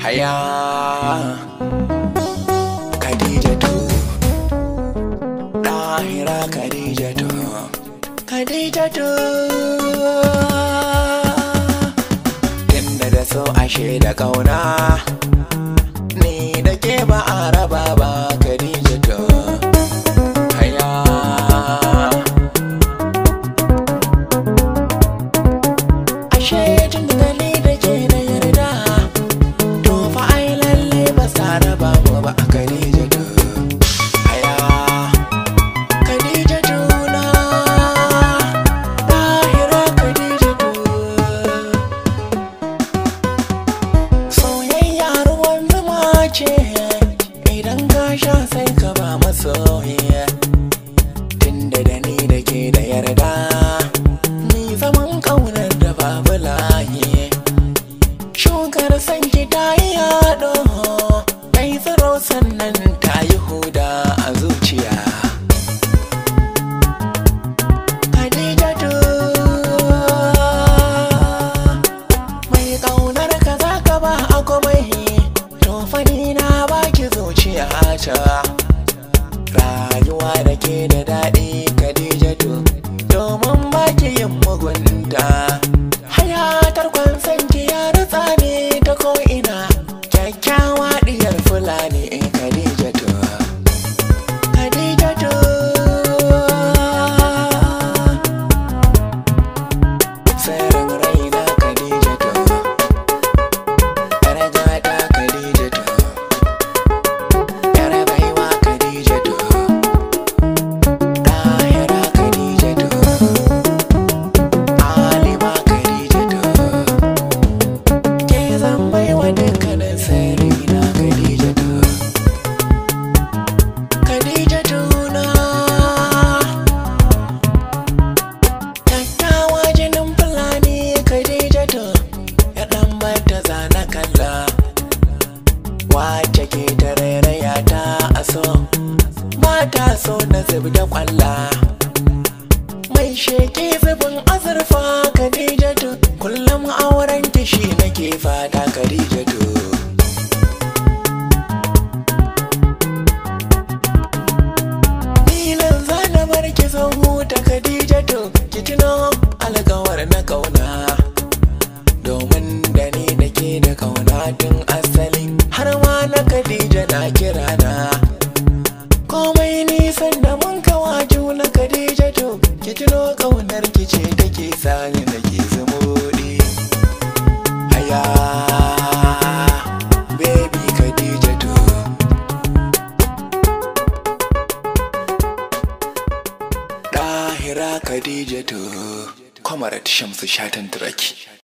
haya Khadijatu Dahira Khadijatu Khadijatu inda da so ashe da kauna Ni da ke ba a raba ba idan ka sha sai ka ba masoyiya tunda da ni da ke da yarda ni zaman kaunar da babu layi shukar sanki ta yi yaɗo mai sannan ta yi huda Can't count. zub da kwalla mai sheke zubin azurfa kadijatu kullum auren shi nake fada kadijatu Nilan zana barki zan huta kadijatu kitino alkawar na kauna domin da ni nake da kauna tun asali har ma na kadija na kira na tuno ƙaunar ki ce take sani nake zumuɗi haya baby khadija to ɗahira khadija to kwamarat shamsu shatan turaki